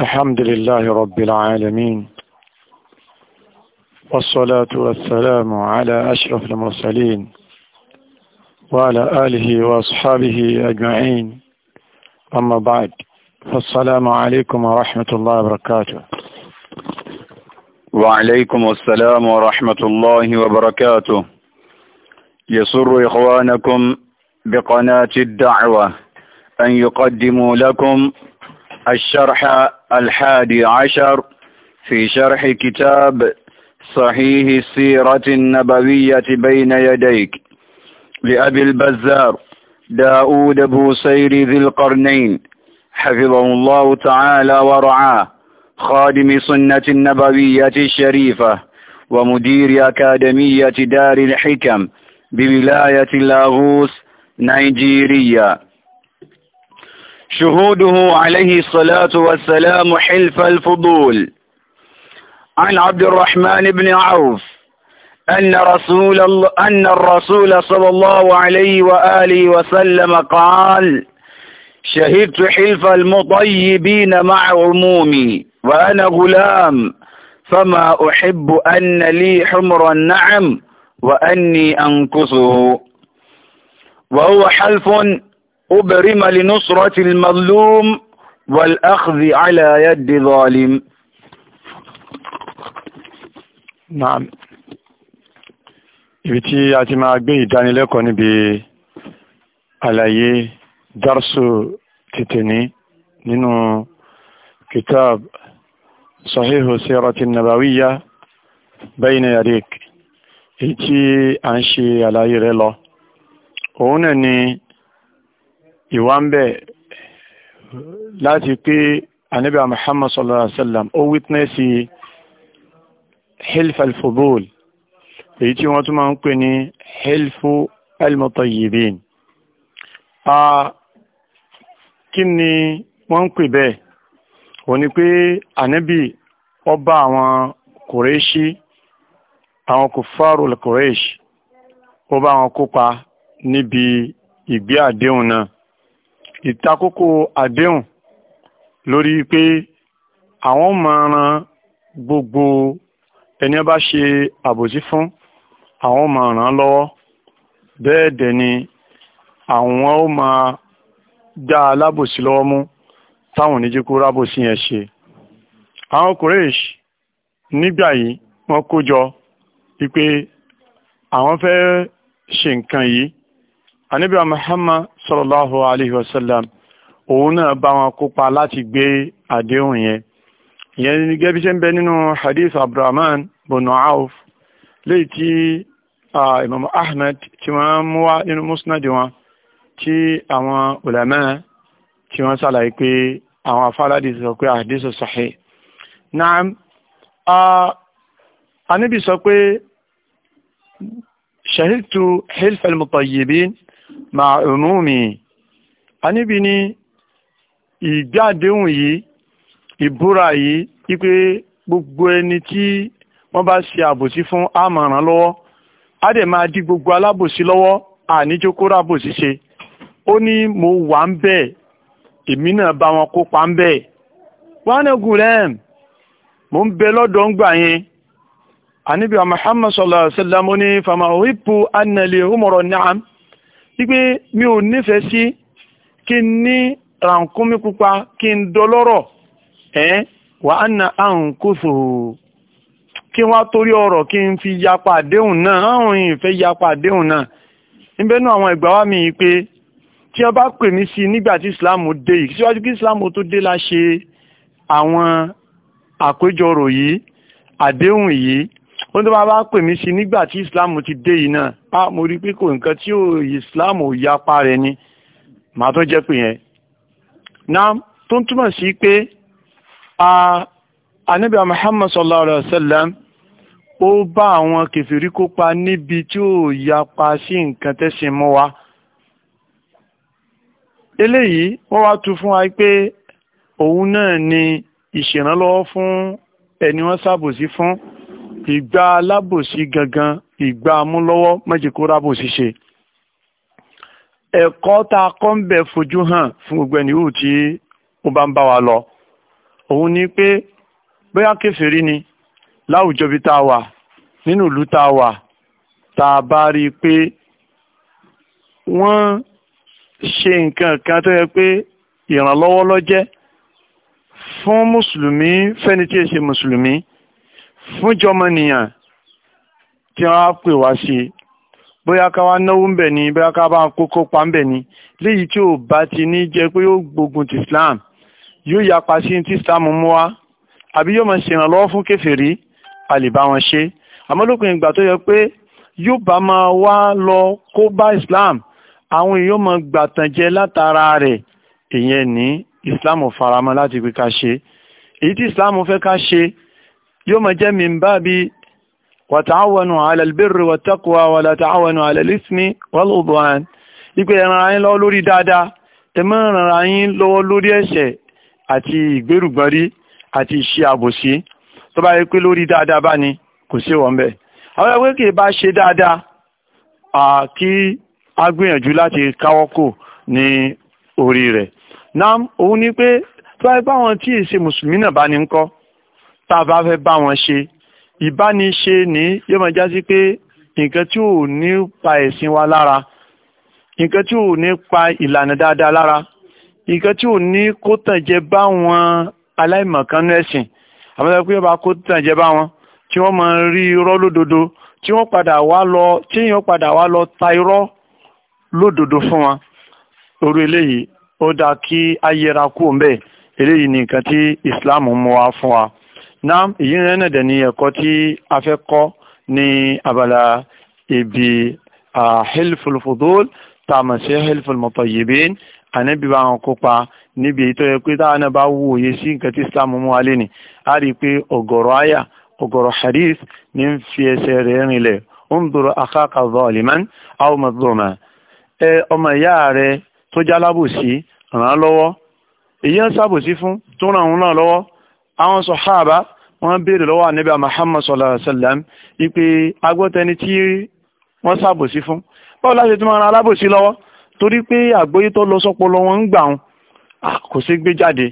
الحمد لله رب العالمين والصلاة والسلام على أشرف المرسلين وعلى آله وأصحابه أجمعين أما بعد فالسلام عليكم ورحمة الله وبركاته وعليكم السلام ورحمة الله وبركاته يسر إخوانكم بقناة الدعوة أن يقدموا لكم الشرح الحادي عشر في شرح كتاب صحيح السيرة النبوية بين يديك لأبي البزار داود سير ذي القرنين حفظه الله تعالى ورعاه خادم سنة النبوية الشريفة ومدير أكاديمية دار الحكم بولاية لاغوس نيجيريا شهوده عليه الصلاة والسلام حلف الفضول عن عبد الرحمن بن عوف أن رسول, الله أن الرسول صلى الله عليه وآله وسلم قال شهدت حلف المطيبين مع عمومي وأنا غلام فما أحب أن لي حمر النعم وأني أنكسه وهو حلف أبرم لنصرة المظلوم والأخذ على يد ظالم نعم ibi tí a ti máa gbé ìdánilẹ́kọ̀ọ́ níbi àlàyé dárṣù tìtìní nínú kitab sahihu sirati nabawiya bayna yadik èyí tí a ń ṣe àlàyé rẹ̀ lọ òun náà ni ìwà ń bẹ̀ láti pé anabi muhammad sallallahu alaihi wa sallam ó wítínẹ́sì hilf al-fudul èyí tí wọ́n tún máa ń pè ní hilfu al-mutayyibin a kí ni wọ́n ń pè bẹ́ẹ̀ wọ́n ní pé anabi ọba àwọn kòrèṣì àwọn kòfàrò kòrèṣì ó bá kópa níbi ìgbé àdéhùn náà ìtakókò àdéhùn lórí pé àwọn máa ran gbogbo ẹni bá ṣe àbòsí fún àwọn máa ràn lọ́wọ́ bẹ́ẹ̀ dẹ̀ ni àwọn ó máa dá alábòsí lọ́wọ́ mú táwọn oníjẹ́ rábòsí yẹn ṣe àwọn kòrèṣ nígbà yìí wọ́n kó jọ wípé àwọn fẹ́ ṣe nǹkan yìí anabi muhammad sallallahu alayhi wa sallam òun náà bá wọn kópa láti gbé àdéhùn yẹn ìyẹn ní gẹ́bí ṣe ń bẹ nínú hadith abdulrahman bono auf léyìí tí imam ahmed tí wọ́n mú wá nínú musnad wọn tí àwọn ulama tí wọ́n ṣàlàyé pé àwọn afárádì sọ pé hadith sahih naam anabi sọ pé shahidtu hilf al-mutayyibin máa òmùmí aníbi ni ìgbàdéhùn yìí ìbúra yìí wípé gbogbo ẹni tí wọ́n bá ṣe àbòsí fún àmọ̀ràn lọ́wọ́ á dẹ̀ máa dí gbogbo alábòsí lọ́wọ́ àníjókòrò àbòsí ṣe ó ní mo wà ń bẹ̀ èmi náà bá wọn kópa ń bẹ̀ wánàgùn rẹ̀ mo ń bẹ lọ́dọ̀ ń gbà yẹn àníbi Muhammad sallallahu alaihi wasallam ní fama òhìpù annalè humoro na'am wípé mi ò nífẹ̀ẹ́ sí kí n ní rànkúnmí pupa kí n dọlọ́rọ̀ ẹ́ wà á na àǹkóso kí wọ́n á torí ọ̀rọ̀ kí n fi yapa àdéhùn náà àwọn èèyàn fẹ́ yapa àdéhùn náà níbẹ̀ àwọn ìgbà wa mi yìí pé tí wọ́n bá pè mí sí nígbà tí Islam dé yìí síwájú kí Islam tó dé la ṣe àwọn àpéjọrò yìí àdéhùn yìí wọ́n tó bá bá pè mí sí nígbà tí islam ti dé yìí náà a mo rí pé kò nǹkan tí ó islam ò yapa rẹ̀ ni màá tó jẹ́ pé yẹn náà tó ń túmọ̀ sí pé ànábì muhammad sallallahu Alaihi wa sallam ó bá àwọn kèfèrí kópa níbi tí ó yapa sí nǹkan tẹ́sìn mọ́ wa eléyìí wọ́n wá tu fún wa pé òun náà ni ìṣèrànlọ́wọ́ fún ẹni wọ́n ṣàbòsí fún ìgbà alábòsí gangan ìgbà amúlọ́wọ́ mẹ́jẹ̀kóra bò ṣíṣe ẹ̀kọ́ ta kọ́ ń bẹ̀ fojú hàn fún gbogbo ẹni yóò tí ó bá ń bá wa lọ òun ni pé bóyá kèfèrí ni láwùjọ bí tá a wà nínú ìlú tá a wà tá a bá rí i pé wọ́n ṣe nǹkan kan tó yẹ pé ìrànlọ́wọ́ ló fún mùsùlùmí fẹ́ni tí ì ṣe mùsùlùmí fún jọmọnìyàn tí wọ́n á pè wá ṣe bóyá ká wá náwó ń bẹ̀ ni bóyá ká bá kó kópa ń bẹ̀ ni léyìí tí ò bá ti ní jẹ́ pé ó gbógun ti Islam yóò yapa sí ti Islam mú wá àbí yóò máa ṣèrànlọ́wọ́ fún kèfèrí a lè bá wọn ṣe àmọ́ lópin ìgbà tó yẹ pé yóò bá máa wá lọ kó bá Islam àwọn èèyàn máa gbàtànjẹ látara rẹ̀ èèyàn ní Islam faramọ́ láti pé ká ṣe èyí tí Islam fẹ́ ká ṣe yóò máa jẹ́ min bábi wàtàwọnù alàlbẹ̀rẹ̀ wàtàkùwà wàtàwọnù alàlìsmi wàlúùbọ̀n ipe ẹran ayín lọ́wọ́ lórí dáadáa ẹmọ́ ẹran ayín lọ́wọ́ lórí ẹ̀ṣẹ̀ àti ìgbérùgbọ́nrí àti ìṣe àbòsí tó bá yẹ pé lórí dáadáa bá ní kò sí wọn bẹ́ẹ̀ àwọn ẹgbẹ́ kì í bá ṣe dáadáa kí a gbìyànjú láti káwọ́ kò ní orí rẹ̀ náà òun ni pé tó bá yẹ pé àwọn tí ì ṣe mùsùlùmí náà bá ní ń kọ́ tá a bá fẹ́ bá wọn ṣe ìbániṣe ní yóò máa já sí pé nǹkan tí ò ní pa ẹ̀sìn wa lára nǹkan tí ò ní pa ìlànà dáadáa lára nǹkan tí ò ní kó tàn jẹ bá wọn aláìmọ̀kánú ẹ̀sìn àwọn ẹgbẹ́ yóò bá kó tàn jẹ bá wọn tí wọ́n máa ń rí irọ́ lódodo tí wọ́n padà wá lọ tí èèyàn padà wá lọ ta irọ́ lódodo fún wọn orí eléyìí ó dáa kí a yẹra kú òun bẹ́ẹ̀ eléyìí ni nǹkan tí Islam mú wá fún wa náà èyí rẹ̀ náà dẹ̀ ní ẹ̀kọ́ tí a fẹ́ kọ́ ní abala ibi hilful fudul tá a mọ̀ sí hilful mutayyibin ànábì bá wọn kópa níbi èyí tó yẹ pé táwọn náà bá wú òye sí nǹkan tí islam mú wálé ni a rí pé ọ̀gọ̀rọ̀ àyà ọ̀gọ̀rọ̀ hadith ní ń fi ẹsẹ̀ rẹ̀ rinlẹ̀ unzur akhaka zaliman aw mazluma ẹ ọmọ ìyá rẹ tó jálábòsí ràn án lọ́wọ́ èyí ń sábòsí fún tó ràn án lọ́wọ́ àwọn sọ̀háàbá wọ́n béèrè lọ́wọ́ ànábì Muhammad sallallahu alaihi wasallam ipe agbọ́tẹni tí wọ́n ṣàbòsí fún báwo láti tún máa ran alábòsí lọ́wọ́ torí pé àgbóyé tó lọ sọ́pọ̀ lọ wọ́n ń gbà kò ṣe gbé jáde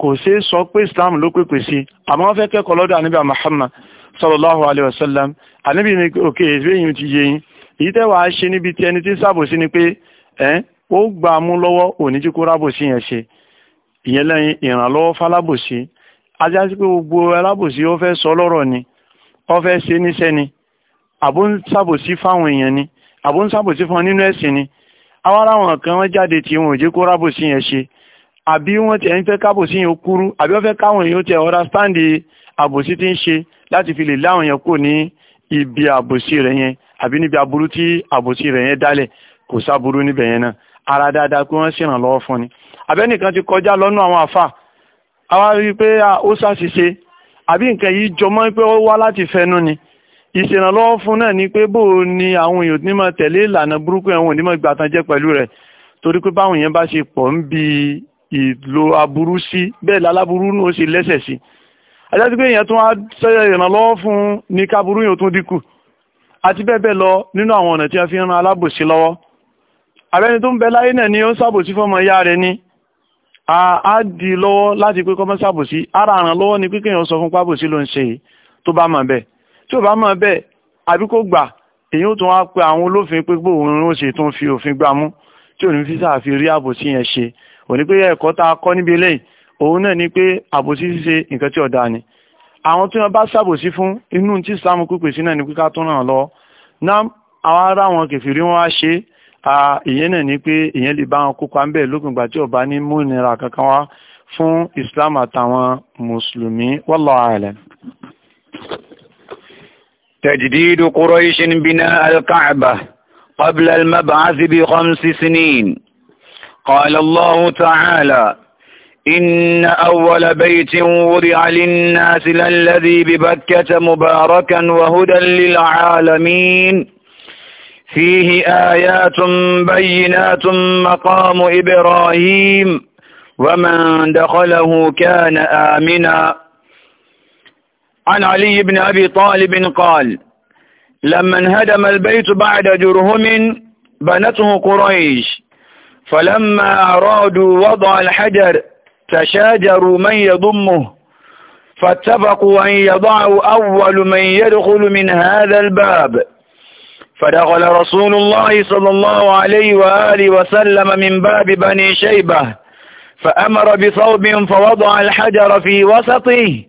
kò ṣe sọ pé Islam ló pèpè sí àmọ́ wọ́n fẹ́ kẹ́kọ̀ọ́ lọ́dọ̀ ànábì Muhammad sallallahu alaihi wasallam ànábì ní òkè ìfẹ́yìn ti yé yín èyí tẹ́wàá ṣe níbi tí ẹni tí ṣàbòsí ni ìyẹn lẹ́yìn ìrànlọ́wọ́ falábòsí ajásí pé gbogbo alábòsí ó fẹ́ sọ lọ́rọ̀ ni ó fẹ́ ṣe níṣẹ́ ni àbó ń ṣàbòsí fáwọn èèyàn ni àbó ń ṣàbòsí fún wọn nínú ẹ̀sìn ni awara wọn kan wọn jáde tí wọn ò jẹ́ kó rábòsí yẹn ṣe àbí wọn tiẹ̀ ń fẹ́ kábòsí yẹn kúrú àbí wọn fẹ́ káwọn èèyàn tiẹ̀ understand àbòsí tí ń ṣe láti fi lè láwọn yẹn kò ní ibi àbòsí rẹ̀ yẹn àbí níbi aburú tí àbòsí rẹ̀ yẹn dálẹ̀ kò sáburú níbẹ̀ yẹn náà ara dáadáa pé wọ́n ṣèrànlọ́wọ́ fún ni àbẹ́nìkan ti kọjá lọ́nà àwọn àfà àwa rí i pé ó ṣàṣìṣe àbí nǹkan yìí jọmọ́ pé ó wá láti fẹnu ni ìṣèrànlọ́wọ́ fún náà ni pé bó ni àwọn èèyàn ní máa tẹ̀lé ìlànà burúkú ẹ̀wọ̀n ní máa gbàtàn jẹ́ pẹ̀lú rẹ̀ torí pé báwọn èèyàn bá ṣe pọ̀ ń bi ìlò aburú sí bẹ́ẹ̀ láláburú náà ó sì lẹ́sẹ̀ sí àjáde pé èèyàn tún á ṣe ìrànlọ́wọ́ fún ní káburú yóò tún dínkù àti bẹ́ẹ̀ bẹ́ẹ̀ lọ nínú àwọn ọ̀nà tí a fi ń ran alábòsí lọ́wọ́ àbẹ́ni tó ń bẹ láyé náà ni ó ń ṣàbòsí fọmọ ìyá rẹ̀ ni a dì lọ́wọ́ láti pé kọ́mọ́sí àbòsí ara àràn lọ́wọ́ ni pípẹ́ èèyàn sọ fún pábòsí ló ń ṣe tó bá mọ̀ bẹ́ẹ̀ tí ò bá mọ̀ bẹ́ẹ̀ àbí kó gbà èyí ó tún wá pé àwọn olófin pé gbòòrùn ó ṣe tó ń fi òfin gbà mú tí òní fi sáà fi rí àbòsí yẹn ṣe òní pé ẹ̀kọ́ tá a kọ́ níbi eléyìí òun náà ni pé àbòsí ṣíṣe nǹkan tí ọ̀dà ni àwọn tí wọ́n bá ṣàbòsí fún inú tí sàmù pípèsí náà ni pé ká tún ràn lọ náà àwọn ará wọn kẹfì rí wọn wá ṣe é ìyẹn náà ni pé ìyẹn lè bá wọn kópa ń bẹ̀ lókun ìgbà tí ó bá ní mú ìnira kankan wá fún Islam àtàwọn mùsùlùmí wallahu a'lam. تجديد قريش بناء الكعبة قبل المبعث بخمس سنين قال الله تعالى إن أول بيت وضع للناس للذي ببكة مباركا وهدى للعالمين فيه آيات بينات مقام إبراهيم ومن دخله كان آمنا عن علي بن أبي طالب قال لما انهدم البيت بعد جرهم بنته قريش فلما أرادوا وضع الحجر تشاجروا من يضمه فاتفقوا أن يضعوا أول من يدخل من هذا الباب فدخل رسول الله صلى الله عليه وآله وسلم من باب بني شيبة فأمر بصوب فوضع الحجر في وسطه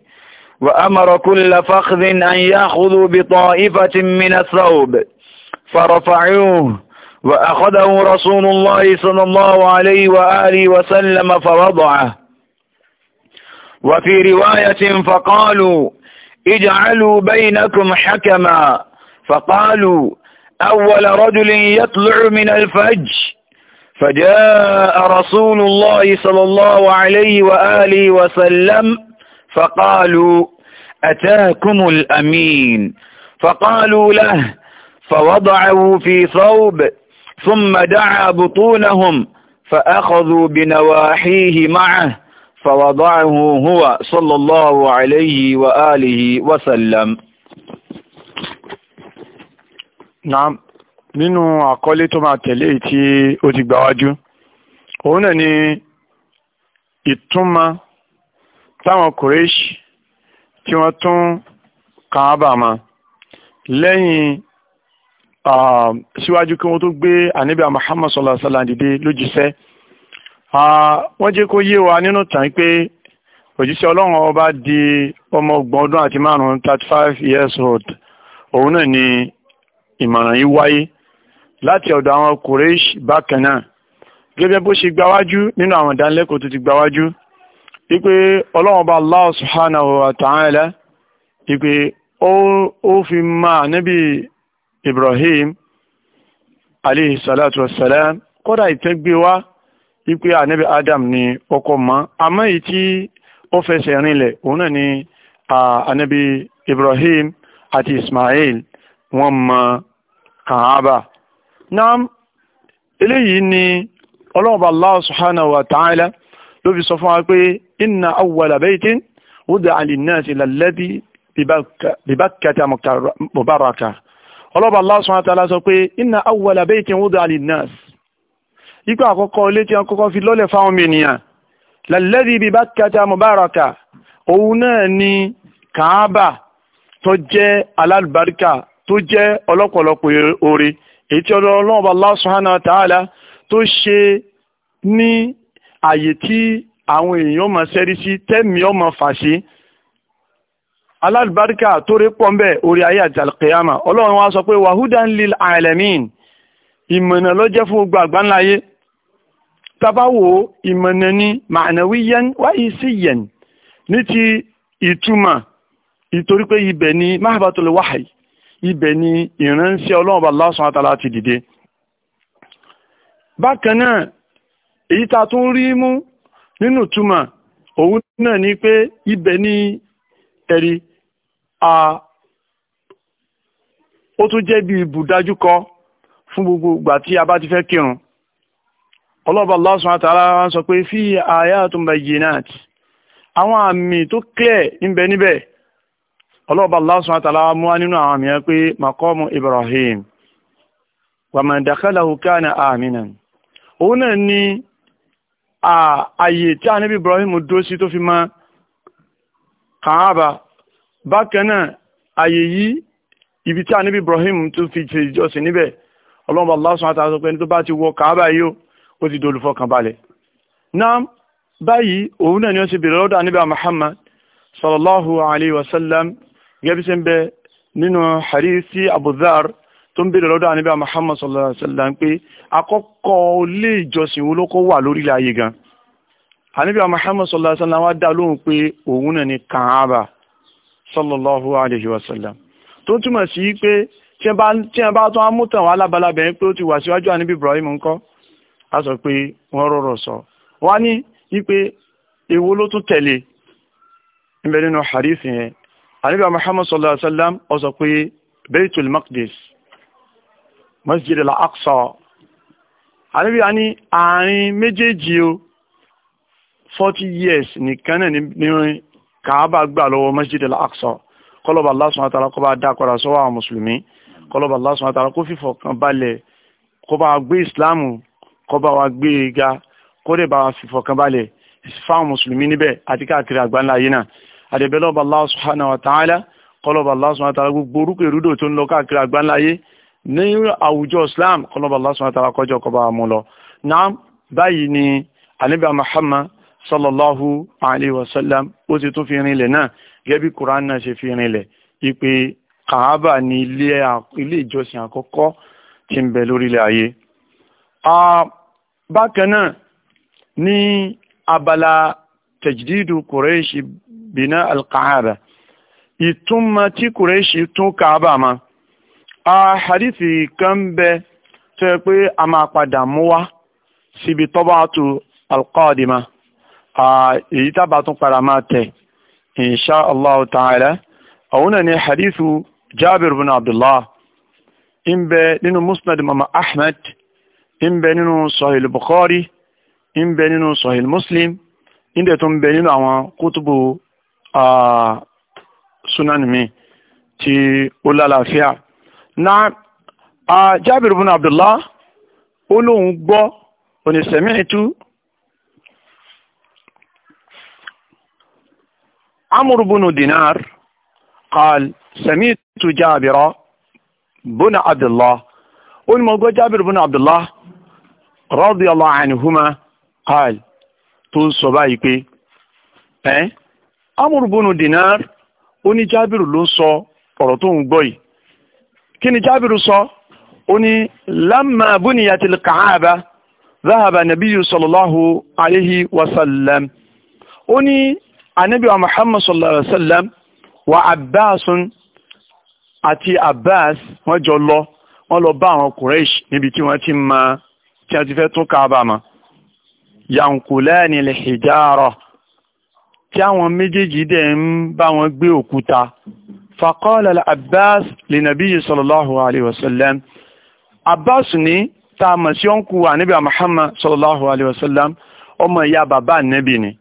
وأمر كل فخذ أن يأخذوا بطائفة من الثوب فرفعوه وأخذه رسول الله صلى الله عليه وآله وسلم فوضعه وفي رواية فقالوا اجعلوا بينكم حكما فقالوا أول رجل يطلع من الفج فجاء رسول الله صلى الله عليه وآله وسلم فقالوا أتاكم الأمين فقالوا له فوضعه في ثوب ثم دعا بطونهم فأخذوا بنواحيه معه فوضعه هو صلى الله عليه وآله وسلم Naam nínú àkọlé tó máa tẹ̀lé tí ó ti gbáwájú òun náà ni ìtúnmọ̀ táwọn kòrèṣì tí wọ́n tún kàábà ma lẹ́yìn síwájú kí wọ́n tó gbé ànábì Muhammad sallallahu alaihi wasallam dìde lójíṣẹ́ wọ́n jẹ́ kó yé wa nínú tàn pé òjíṣẹ́ ọlọ́run ọba di ọmọ ọgbọ̀n ọdún àti márùn-ún 35 years old òun náà ni ìmọ̀ràn yìí wáyé láti ọ̀dọ̀ àwọn Quraysh bákan náà gẹ́gẹ́ bó ṣe gbáwájú nínú àwọn ìdánilẹ́kọ̀ọ́ tó ti gbáwájú wípé ọlọ́run bá Allah subhanahu wa ta'ala wípé ó fi máa níbi Ibrahim alayhi salatu wassalam kódà ìtẹ́gbé wá wípé ànábì Adam ni ọkọ mọ́ àmọ́ èyí tí ó fẹsẹ̀ rinlẹ̀ òun náà ni ànábì Ibrahim àti Ismail wọ́n mọ kàábà náà eléyìí ni ọlọ́ọ̀bà Allah subhanahu wa ta'ala ló fi sọ fún wa pé inna awwala baytin wudi'a linnasi lalladhi bibakkata mubaraka ọlọ́ọ̀bà Allah subhanahu wa ta'ala sọ pé inna awwala baytin wudi'a linnasi ikú àkọ́kọ́ ilé tí wọ́n kọ́kọ́ fi lọ́lẹ̀ fáwọn ènìyàn lalladhi tó jẹ́ ọlọ́pọ̀lọpọ̀ oore èyí tí ọlọ́run Allah subhanahu wa ta'ala tó ṣe ní àyè tí àwọn èèyàn máa sẹ́rí sí tẹ́mi ọmọ fàṣẹ alábàríkà tó rí pọ̀ mbẹ́ orí ayé àjàlùkìyàmà ọlọ́run wa sọ pé wahudan lil alamin ìmọ̀nà ló jẹ́ fún gbogbo àgbáńláyé tabawo ìmọ̀nà ni ma'nawiyan wa isiyan ní ti ìtumọ̀ ìtorí pé ibẹ̀ ni mahabatul wahyi ibẹ̀ ni ìránṣẹ́ ọlọ́run Allah subhanahu wa ta'ala ti dìde bákan náà èyí ta tún rí mú nínú túmọ̀ òun náà ni pé ibẹ̀ ni ẹ̀rí a ó tún jẹ́ bí ibùdájúkọ fún gbogbo ìgbà tí a bá ti fẹ́ kírun ọlọ́ba Allah subhanahu wa ta'ala wá sọ pé fi ayatun bayyinat àwọn àmì tó clear ń bẹ níbẹ̀ ọlọ́ọ̀bá Allah subhanahu wa ta'ala mú wá nínú àwọn àmìyàn pé maqamu Ibrahim wa man dakhalahu kana aminan òun náà ni ààyè tí ànábì Ibrahim dó sí tó fi mọ́ kàáàbà bákan náà ààyè yìí ibi tí ànábì Ibrahim tó fi ṣe ìjọsìn níbẹ̀ ọlọ́ọ̀bá Allah subhanahu sọ pé ẹni tó bá ti wọ kàáàbà yìí ó ti dolùfọkànbalẹ̀ náà báyìí òun náà ni ó ṣe bèèrè lọ́dọ̀ ànábì Muhammad sallallahu alayhi wa sallam gẹ́gẹ́ bí ṣe ń bẹ nínú hadisi Abu Dharr tó ń bèèrè lọ́dọ̀ àníbà Muhammad sallallahu alaihi wasallam pé akọ́kọ́ ilé ìjọsìn wo ló kọ́ wà lórílẹ̀ ayé gan àníbà Muhammad sallallahu alaihi wasallam wá dá lóhùn pé òun náà ni Kaaba sallallahu alaihi wasallam tó túmọ̀ sí pé tí ẹ bá tún amútàn wà lábalábẹ̀ pé ó ti wà síwájú àníbì Ibrahim ńkọ́ a sọ pé wọ́n rọrọ̀ sọ wá ní wípé èwo ló tún tẹ̀lé ń bẹ nínú hadisi yẹn àníbà Muhammad sallallahu alaihi wasallam ó sọ pé Baitul Maqdis Masjid al-Aqsa àníbì a ní àárín méjèèjì o 40 years nìkan náà ní Kaaba gbà lọ́wọ́ Masjid al-Aqsa kọlọ́bà Allah subhanahu wa ta'ala kó bá dákọ̀rọ̀ sọ́wọ́ àwọn mùsùlùmí kọlọ́bà Allah subhanahu wa ta'ala kó fífọ̀ kan balẹ̀ kó bá gbé ìsìláàmù kó bá wa gbé e ga kó bá fífọ̀ kan balẹ̀ fáwọn mùsùlùmí níbẹ̀ àti káàkiri àgbáńlá yìí náà àdẹ̀bẹ̀lọ́ba Allah subhanahu wa ta'ala kọlọ́ba Allah subhanahu wa ta'ala gbogbo orúkọ ìrúdò tó ń lọ káàkiri àgbáńláyé ní àwùjọ Islam kọlọ́ba Allah subhanahu wa ta'ala kọjọ kọba mú lọ náà báyìí ni ànábì Muhammad sallallahu alayhi wa sallam ó ti tún fi rinlẹ̀ náà gẹ́bí Quran náà ṣe fi rinlẹ̀ ipe kàábà ni ilé ìjọsìn àkọ́kọ́ tí ń bẹ lórílẹ̀ ayé bákan náà ní abala tajdidu Quraish bìnà alkàábà ìtumọ̀ tí kùrẹ́ṣì tún kàábà ma a hadithi kan bẹ tó yẹ pé a máa padà mú wá síbi tọ́bàtù alkọ́ọ̀dìmá èyí tábà tún padà máa tẹ̀ insha allah ta'ala àwọn ni hadithu jabir bin abdullah in bẹ nínú musnad mama ahmed in bẹ nínú sahil bukhari in bẹ nínú sahil muslim in dẹ̀ bẹ nínú àwọn kútùbù sunan mi tí ó lálàáfíà náà jábìrì bùnà abdullah ó lóun gbọ́ onísẹ̀mìtú amúrú bùnà dinar قال سمعت جابر بن عبد الله والموضوع جابر بن عبد الله رضي الله عنهما قال tó sọ báyìí pé amúrùbùnú dinar ó ní jábìrù ló ń sọ ọ̀rọ̀ tó ń gbọ́ yìí kí ni jábìrù sọ ó ní lámà búniyatil kàába záhàbà nàbíyù sallallahu alayhi wa sallam ó ní anabi wa muhammad sallallahu alayhi wa sallam wa abbasun àti abbas wọ́n jọ lọ wọ́n lọ bá àwọn quraish níbi tí wọ́n ti ma tí wọ́n ti fẹ́ tún kàába ma yankulani lihijara tí àwọn méjèèjì dẹ̀ ń bá wọn gbé òkúta faqala abbas li nabiyyi sallallahu alayhi wa sallam abbas ní tá a mọ̀ sí ọ̀nkù wa níbi muhammad sallallahu alayhi wa sallam ọmọ ìyá bàbá nẹ́bì ni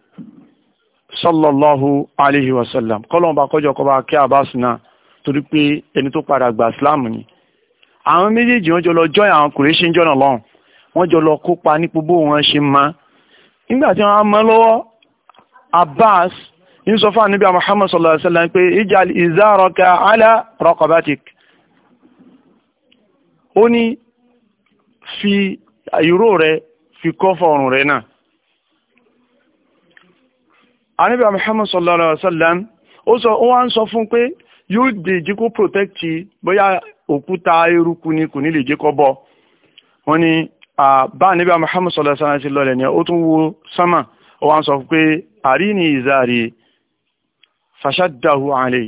sallallahu alayhi wa sallam kọ́lọ́n bá kọjọ kọba kí abbas náà torí pé ẹni tó padà gba islam ni àwọn tí wọ́n á mọ́ lọ́wọ́ Abbas ń sọ fún àníbí Muhammad sallallahu alaihi wasallam pé ijal izaraka ala raqabatik ó ní fi ìró rẹ̀ fi kọ́ fọ́rùn rẹ̀ náà àníbí Muhammad sallallahu alaihi wasallam ó sọ ó wá ń sọ fún pé yóò dè jí kó protect bóyá òkúta eruku ni kò ní lè jẹ́ kó bọ́ wọ́n ní bá Muhammad sallallahu alaihi wasallam ti lọlẹ̀ ni ó tún wo sánmà ó wá ń sọ pé àrí ní ìzáre fàṣádàhù àlè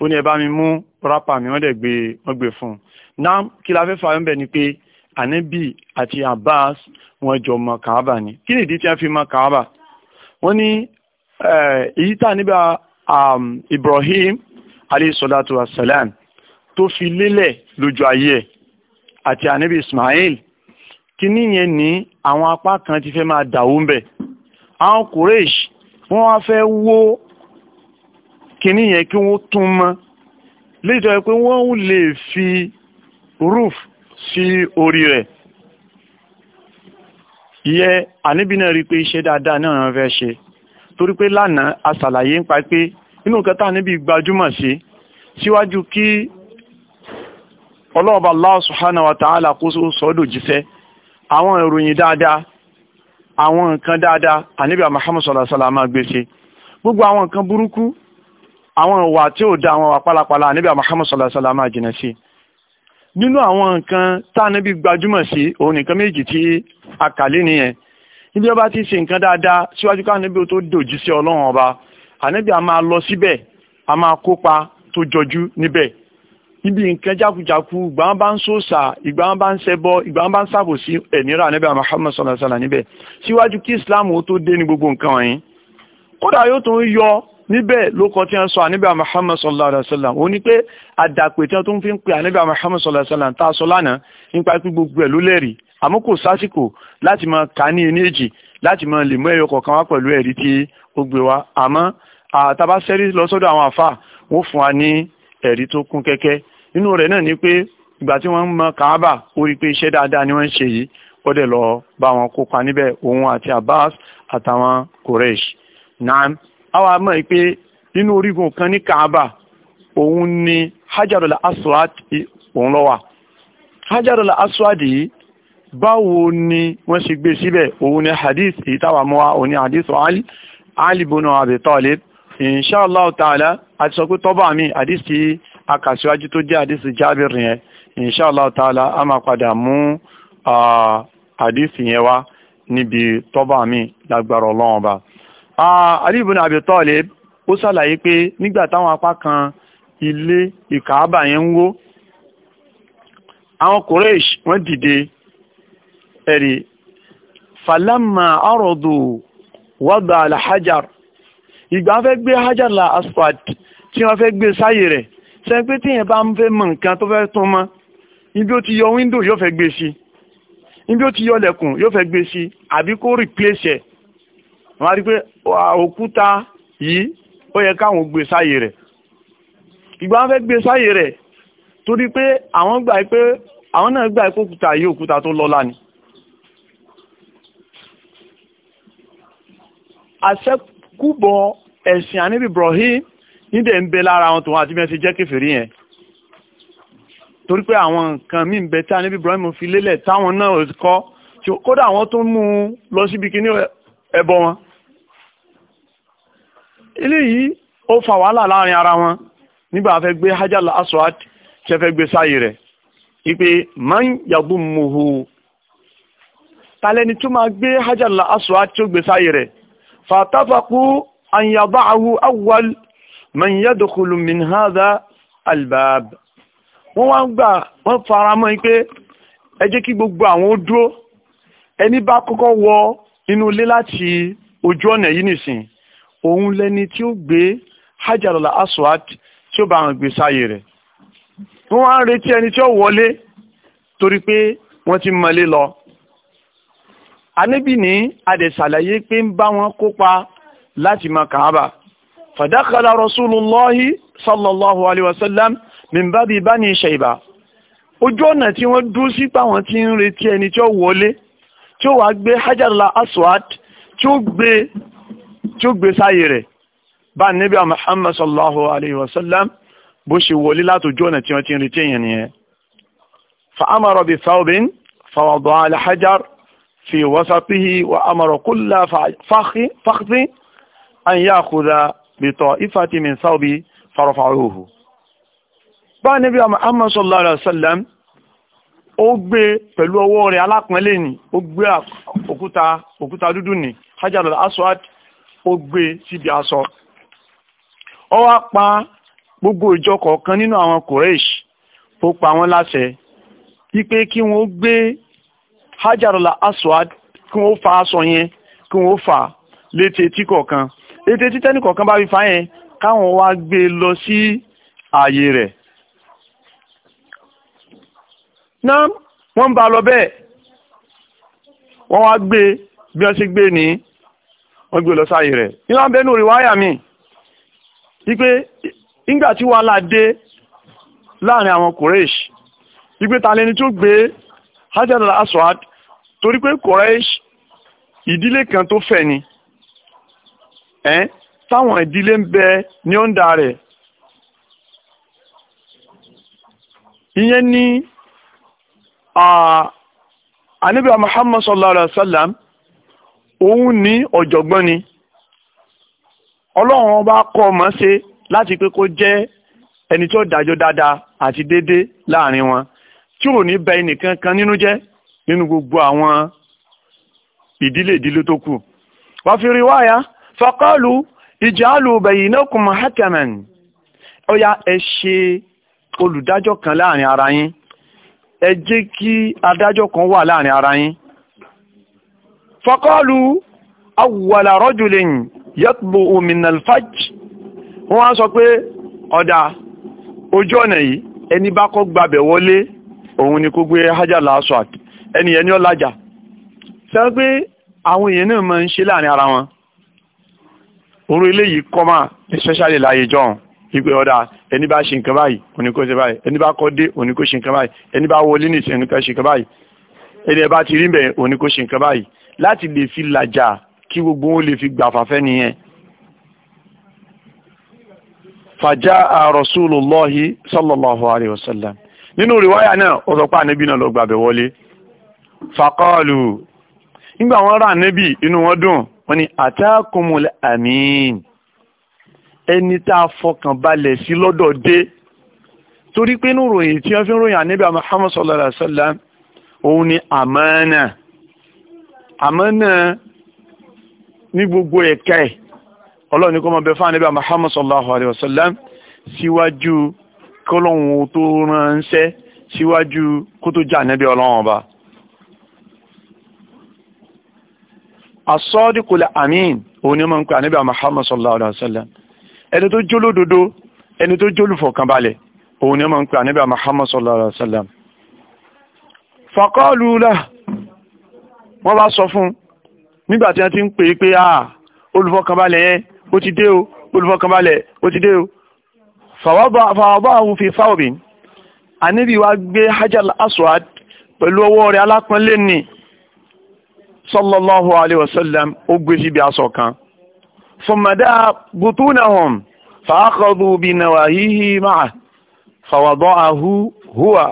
ó ní ẹbá mi mú rápà mi wọ́n dẹ̀ gbé wọ́n gbé fún un náà kí la fẹ́ fà ń bẹ̀ ni pé ànábì àti abbas wọ́n jọ mọ kàábà ni kí nìdí tí wọ́n fi mọ kàábà wọ́n ní èyí tà níbà um, ibrahim alayhi salatu wassalam tó fi lélẹ̀ lójú ayé ẹ̀ àti ànábì ismail kí níyẹn ní àwọn apá kan ti fẹ́ máa dàwó ń bẹ̀ àwọn Quraysh wọ́n wá fẹ́ wó kìíní yẹn kí wọ́n tún mọ́ léjọ́ pé wọ́n lè fi roof sí orí rẹ̀ yẹ àníbi náà rí pé iṣẹ́ dáadáa náà wọ́n fẹ́ ṣe torí pé lánàá a ṣàlàyé ń pa pé inú kẹta níbi gbajúmọ̀ sí síwájú kí ọlọ́ọ̀bà Allah subhanahu wa ta'ala kó sọ́dọ̀ jíṣẹ́ àwọn ìròyìn dáadáa àwọn nǹkan dáadáa ànábì Muhammad sallallahu alaihi wasallam máa gbé ṣe gbogbo àwọn nǹkan burúkú àwọn ìwà tí ò da àwọn ìwà pálapàla ànábì Muhammad sallallahu alaihi wasallam máa jìnà sí nínú àwọn nǹkan tá ànábì gbajúmọ̀ sí òun nìkan méjì tí a kàlé nìyẹn níbi ọba ti ṣe nǹkan dáadáa síwájú ká ànábì tó dòjì sí ọlọ́run ọba ànábì a máa lọ síbẹ̀ a máa kópa tó jọjú níbẹ̀ ibi nǹkan jákujàku ìgbà wọn bá ń sòsà ìgbà wọn bá ń ṣẹbọ ìgbà wọn bá ń ṣàbòsí ẹ̀nira níbẹ̀ Muhammad sallallahu alaihi wasallam níbẹ̀ síwájú kí Islam ó tó dé ní gbogbo nǹkan wọ̀nyí kódà yóò tó ń yọ níbẹ̀ ló kọ tí wọ́n sọ àníbẹ̀ Muhammad sallallahu alaihi wasallam ó ní pé àdàpè tí wọ́n tó ń fi ń pè àníbẹ̀ Muhammad sallallahu tá a sọ lánàá nípa pé gbogbo ẹ̀ ló lẹ́rìí àmọ́ kò sásìkò láti máa kà ní ẹni èjì láti máa lè mú ẹyọ kọ̀ọ̀kan wá pẹ̀lú ẹ̀rí tí ó gbé wa àmọ́ àtàbá lọ sọ́dọ̀ àwọn àfà wọ́n fún wa ní ẹ̀rí tó kún kẹ́kẹ́ nínú rẹ̀ náà ni pé ìgbà tí wọ́n ń mọ Kaaba ó rí pé iṣẹ́ dáadáa ni wọ́n ń ṣe yìí ó dẹ̀ lọ bá wọn kópa níbẹ̀ òun àti Abbas àtàwọn Quraysh náà àwa mọ̀ pé nínú orígun kan ní Kaaba òun ni Hajarul Aswad òun ló wà Hajarul Aswad yìí báwo ni wọ́n ṣe gbé síbẹ̀ òun ni hadith èyí táwà mọ́ wa òun ni hadith Ali Ali ibn Abi Talib inshallah ta'ala àti sọ pé tọ́bà mi hadith tí akàṣíwájú tó jẹ́ àdísì jábìrì yẹn inshallah ta'ala a máa padà mú àdísì yẹn wá níbi tọ́bà mi lágbára ọlọ́run ọba. Ali ibn Abi Talib ó ṣàlàyé pé nígbà táwọn apá kan ilé ìkàábà yẹn ń wó àwọn Quraysh wọ́n dìde ẹ̀rí falamma arọ̀dù wọ́dà alhajar ìgbà fẹ́ gbé hajar la aswad tí wọ́n fẹ́ gbé sáyé rẹ̀ ṣe pé tíyẹn bá ń fẹ́ mọ nǹkan tó fẹ́ tún mọ́ ibi ó ti yọ wíńdò yóò fẹ́ gbé sí ibi ó ti yọ lẹ̀kùn yóò fẹ́ gbé sí àbí kó replace ẹ̀ wọ́n á rí pé òkúta yìí ó yẹ káwọn gbé sáyè rẹ̀ ìgbà wọn fẹ́ gbé sáyè rẹ̀ torí pé àwọn gbà pé àwọn náà gbà pé òkúta yìí òkúta tó lọ́lá ni àṣẹkùbọ̀ ẹ̀sìn àníbi Ibrahim nídẹ̀ ń bẹ lára wọn tòun àti mẹ́sẹ̀ jẹ́ kèfèrí yẹn torí pé àwọn nǹkan míì ń bẹ tí anábì Ibrahim fi lélẹ̀ táwọn náà kọ́ kódà àwọn tó mú un lọ síbi kíní ẹbọ wọn eléyìí ó fa wàhálà láàrin ara wọn nígbà fẹ́ gbé Hajar aswad tẹ́ fẹ́ gbé sáyé rẹ̀ ipe man yadumuhu talẹni tó máa gbé Hajar al-Aswad tó gbé sáyé rẹ̀ fàtàfàkú an yadahu awwal من يدخل من هذا الباب؟ wọ́n wá ń gbà wọ́n fara mọ́ pé ẹ jẹ́ kí gbogbo àwọn ó dúró ẹni bá kọ́kọ́ wọ inú ilé láti ojú ọ̀nà yìí nìsín òun lẹni tí ó gbé hajarul aswad tí ó bá àwọn gbé sáyé rẹ̀ wọ́n wá ń retí ẹni tí ó wọlé torí pé wọ́n ti mọlé lọ Ànábì ní adẹ̀sàlàyé pé ń bá wọn kópa láti mọ kàábà فدخل رسول الله صلى الله عليه وسلم من باب بني شيبة ojú ọ̀nà tí wọ́n dúró sí páwọn tí ń retí ẹni tí ó wọlé tí ó wá gbé hajar al-aswad tí ó gbé tí ó gbé sáyé rẹ̀ bá níbi muhammad sallallahu alayhi wa sallam bó ṣe wọlé látòjú ọ̀nà tí wọ́n ti ń retí èèyàn nìyẹn fa bi thawbin fa wada'a hajar fi wasatihi wa amara kulla fakhdi an ya'khudha bìtọ̀ ìfàtí min sáwọ́bí farafáhóhù. bá níbi Muhammad sallallahu alaihi wasallam ó gbé pẹ̀lú ọwọ́ rẹ̀ alápínlẹ̀ ni ó gbé òkúta òkúta dúdú ni hajar al-aswad ó gbé síbi aṣọ ó wá kí wọ́n gbé hajar aswad kí wọ́n fa aṣọ yẹn kí wọ́n fa létí etí kọ̀ọ̀kan ètè títẹ́ nìkọ̀ọ̀kan bá fi fa yẹn káwọn wá gbé e lọ sí ààyè rẹ̀ náà wọ́n ń ba lọ bẹ́ẹ̀ wọ́n wá gbé bí wọ́n ṣe gbé ní wọ́n gbé lọ sáàyè rẹ̀ nílá bẹ́ẹ̀ nù rí wáyà mi wípé nígbà tí wàhálà dé láàrin àwọn Quraysh wípé ta lẹni tó gbé Hajar al-Aswad torí pé Quraysh ìdílé kan tó fẹ̀ ni ẹ́ táwọn ìdílé ń bẹ ní ni ànábì Muhammad sallallahu alaihi ni ọlọ́run ọba kọ́ ọmọ ṣe láti pé kó jẹ́ ẹni tí dájọ́ dáadáa àti déédé láàrin wọn tí ò ní bẹ ẹnìkan kan nínú gbogbo àwọn ìdílé ìdílé tó kù faqalu ij'alu baynakum hakaman ó yá ẹ ṣe olùdájọ́ kan láàrin ara yín ẹ jẹ́ kí adájọ́ kan wà láàrin ara yín faqalu awwala rajulin yatlu'u min al-fajj wọ́n á sọ pé ọ̀dà ojú ọ̀nà yìí ẹni bá kọ́ gbabẹ̀ wọlé òun ni kó gbé hajj al ẹni ẹni ọ̀làjà sọ pé àwọn èèyàn náà máa ń ṣe láàrin ara wọn orú eléyìí kọ́mà especially láyé jọ̀hún ìpè ọ̀dà ẹni bá ṣe nǹkan báyìí òní kò ṣe báyìí ẹni bá kọ́ dé òní kò ṣe nǹkan báyìí ẹni bá wọlé ní ìsìn ẹnìkan ṣe nǹkan báyìí ẹni ẹ bá ti rí bẹ́ẹ̀ òní kò ṣe nǹkan báyìí láti lè fi làjà kí gbogbo wọn lè fi gbà fàfẹ́ nìyẹn. fàjà rasulullahi sallallahu alayhi wa sallam nínú rìwáyà náà ó sọ pé ànábì náà lọ gbàbẹ̀ wọlé faqalu nígbà wọn rà ànábì inú wọn dùn wọ́n ní àtàkùnmùl àmín ẹni tá a fọkàn balẹ̀ sí lọ́dọ̀ dé torí pé inú ròyìn tí wọ́n fi ń ròyìn ànábì Muhammad sallallahu alaihi wasallam òun ni àmánà àmánà ní gbogbo ẹ̀ka ẹ̀ ọlọ́ọ̀ni kó máa bẹ fún ànábì Muhammad sallallahu alaihi wasallam síwájú kọ́lọ́hún tó ránṣẹ́ síwájú kó tó jẹ́ ànábì ọlọ́run ọba. asọ́díkùlẹ̀ amin òun ni ó máa ń pè ànábì Muhammad sallallahu alaihi wasallam ẹni tó jóló dodo ẹni tó jóló fọ̀kànbalẹ̀ òun ni ó máa ń pè ànábì Muhammad sallallahu alaihi wasallam faqalu lahu wọ́n bá sọ fún nígbà tí wọ́n ti ń pè é pé ah olùfọ̀kànbalẹ̀ yẹn ó ti dé o olùfọ̀kànbalẹ̀ ó ti dé o fàwọ́bà àwọn fi fáwọ̀bì ànábì wa gbé hajar aswad pẹ̀lú ọwọ́ rẹ̀ alápọ̀nlé ni sallallahu alayhi wa sallam ó gbé síbi aṣọ kan fọmọdá butunahum fàákọ̀dù bí nàwàhíhí máa fàwàdọ́ àhúhúwà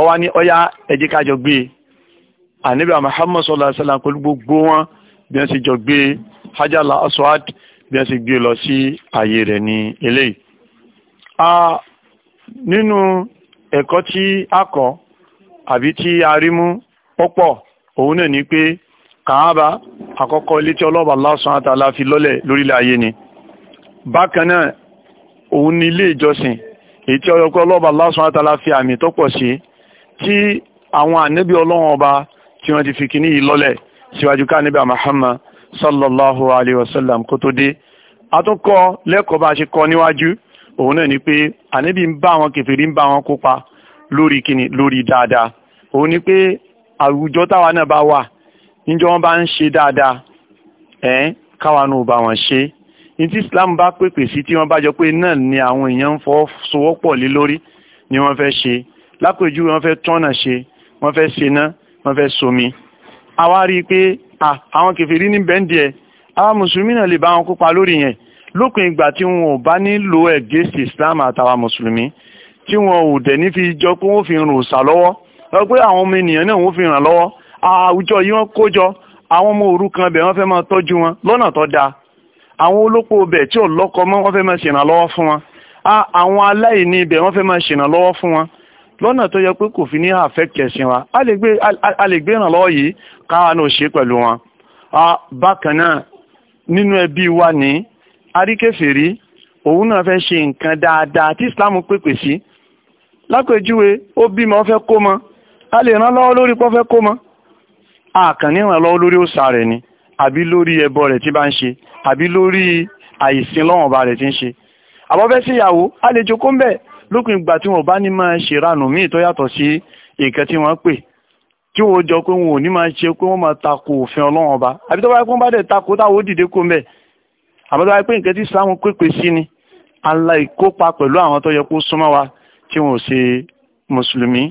ọwá ní ọya ẹ̀jẹ̀ ká jọ gbé ànábì Muhammad sallallahu alayhi wa sallam pẹ̀lú gbogbo wọn bí wọ́n sì jọ gbé hajjala aswad bí wọ́n sì gbé lọ sí ààyè rẹ̀ ní eléyìí nínú ẹ̀kọ́ tí a kọ́ àbí tí a rí mú ó òun náà ni pé kàába àkọ́kọ́ ilé tí ọlọ́ọ̀bà Allah subhanahu wa ta'ala fi lọ́lẹ̀ lórílẹ̀ ayé ni bákan náà òun ni ilé ìjọsìn èyí tí ọlọ́pẹ́ ọlọ́ọ̀bà Allah subhanahu wa fi àmì tọ́pọ̀ sí tí àwọn ànábì ọlọ́wọ́n ọba tí wọ́n ti fi kíní yìí lọ́lẹ̀ síwájú ká níbi Muhammad sallallahu alayhi wa sallam kó tó dé atọ́kọ́ lẹ́kọ̀ọ́ bá a ṣe kọ níwájú òun náà ni pé ànábì ń bá àwọn kèfèrí ń bá wọn kópa lórí kíní lórí dáadáa òun ni pé àwùjọ táwa náà bá wà níjọ́ wọn bá ń ṣe dáadáa ẹ̀ káwa náà bá wọn ṣe ní Islam bá pèpè sí tí wọ́n bá jọ pé náà ni àwọn èèyàn ń fọwọ́sowọ́pọ̀ lé lórí ni wọ́n fẹ́ ṣe lápèjúwe wọ́n fẹ́ tọ́nà ṣe wọ́n fẹ́ ṣená wọ́n fẹ́ somi àwa rí i pé àwọn kèfèrí ní bẹ́ńdì ẹ̀ àwa mùsùlùmí náà lè bá wọn kópa lórí yẹn lópin ìgbà tí wọn ò bá nílò ẹ̀gẹ́sì Islam àtàwa mùsùlùmí tí wọn ò dẹ̀ ní fi jọ pé wọ́n fi ràn òòsà lọ́wọ́ lọ pé àwọn ọmọ ènìyàn náà wọ́n fi ràn lọ́wọ́ àwùjọ yìí wọ́n kójọ àwọn ọmọ òrukàn bẹ̀ wọ́n fẹ́ máa tọ́jú wọn lọ́nà tó dáa àwọn olóko bẹ̀ tí ò lọ́kọ mọ́ wọ́n fẹ́ máa ṣèrànlọ́wọ́ fún wọn àwọn aláìní bẹ̀ wọ́n fẹ́ máa ṣèrànlọ́wọ́ fún wọn lọ́nà tó yẹ pé kò fi ní affect ẹ̀sìn wa a lè gbé ìrànlọ́wọ́ yìí káwa náà ṣe pẹ̀lú wọn. bákan náà nínú ẹbí wa ní aríkèfèrí òun náà fẹ́ ṣe nǹkan dáadáa tí Islam pèpè sí lápèjúwe ó bímọ ó kó mọ a lè ràn lọ́wọ́ lórí pọ́ fẹ́ kó mọ àkànní ìrànlọ́wọ́ lórí òòṣà rẹ̀ ni àbí lórí ẹbọ rẹ̀ tí bá ń ṣe àbí lórí àìsìn lọ́wọ́n ọba rẹ̀ tí ń ṣe àbọ̀bẹ́ sí ìyàwó àlejò kó ń bẹ̀ lópin ìgbà tí wọ́n bá ní máa ṣèranù míì tó yàtọ̀ sí nǹkan tí wọ́n pè tí wọ́n jọ pé wọn ò ní máa ṣe pé wọ́n máa tako òfin ọlọ́run ọba àbí tó bá yẹ kó bá dẹ̀ tako táwọn ó kó ń àbí tó bá yẹ nǹkan tí Islam pèpè sí ni ala pẹ̀lú àwọn tó yẹ kó súnmọ́ wa tí wọn ò ṣe mùsùlùmí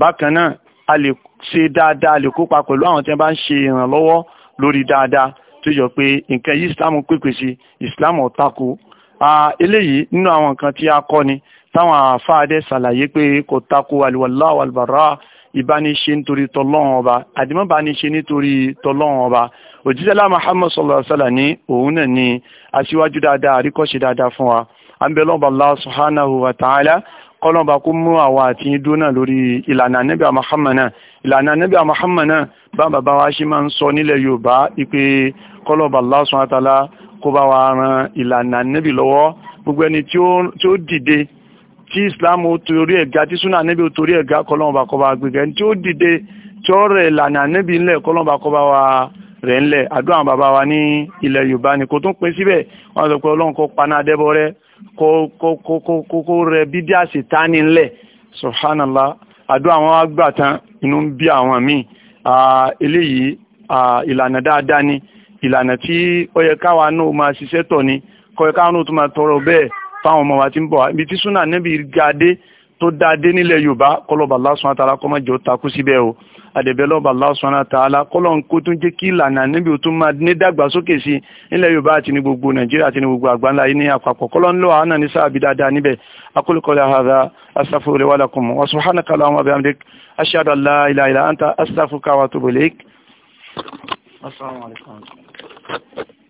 bákan náà a lè ṣe dáadáa lè kópa pẹ̀lú àwọn tí wọ́n bá ń ṣe ìrànlọ́wọ́ lórí dáadáa tó yọ pé nǹkan yìí islam pèpè sí islam ọ̀tako eléyìí nínú àwọn nǹkan tí a kọ́ ni táwọn àfáàdé ṣàlàyé pé kò tako àlùwàlá àlùbàrà ìbániṣe nítorí tọlọ́run ọba àdìmọ́ bániṣe nítorí tọlọ́run ọba òjíṣẹ́lá muhammad sallallahu alaihi wasallam ní òun náà ni aṣíwájú dáadáa àríkọ́ṣe dáadáa fún wa àbẹ̀lọ́ba allah subhanahu wa kọlọ́ba kó mú àwọn àti dúnà lórí ìlànà nẹ́bí àmàhàmànà ìlànà nẹ́bí àmàhàmànà bá bàbá wa ṣe máa ń sọ nílẹ̀ Yorùbá ipé kọlọ́ba Allah subhanahu wa ta'ala kó bá wa ran ìlànà nẹ́bí lọ́wọ́ gbogbo ẹni tí ó dìde tí Islam ó torí ẹ̀gá tí súnà nẹ́bí ó torí ẹ̀gá kọlọ́ba kọba gbẹ̀gẹ́ tí ó dìde tí ó rẹ̀ ìlànà nẹ́bí ńlẹ̀ kọlọ́ba kọba wa rẹ̀ ńlẹ̀ àdúrà àwọn bàbá wa ní ilẹ̀ yorùbá ni kò tún pín síbẹ̀ wọ́n sọ pé ọlọ́run kó paná adẹ́bọ rẹ kó kó kó kó rẹ bídí àṣetánì ńlẹ̀ subhanallah àdúrà àwọn àgbà tán inú ń bí àwọn míì eléyìí ìlànà dáadáa ni ìlànà tí ó yẹ káwa náà máa ṣiṣẹ́ tọ̀ ni kọ́ yẹ káwa náà tó máa tọrọ bẹ́ẹ̀ fáwọn ọmọ wa ti ń bọ̀ ibi tí súnà níbi ga dé tó dáa dé nílẹ̀ yorùbá kọlọ́ba lásán àtàrà kọ́mọ́jọ́ takú síbẹ̀ o àdẹ̀bẹ̀lọ́bà Allah subhanahu wa ta'ala kọ́lọ́n kó tún jẹ́ kí ìlànà níbi ò tún máa ní dàgbàsókè sí nílẹ̀ yorùbá àti ní gbogbo nàìjíríà àti ní gbogbo àgbáńlá yìí ní àpapọ̀ kọ́lọ́n lọ́wọ́ àánà ní sáàbí dáadáa níbẹ̀ aqulu qawli hadha astaghfirullaha wa lakum wa subhanaka allahumma wa bihamdik ashhadu an la ilaha illa anta astaghfiruka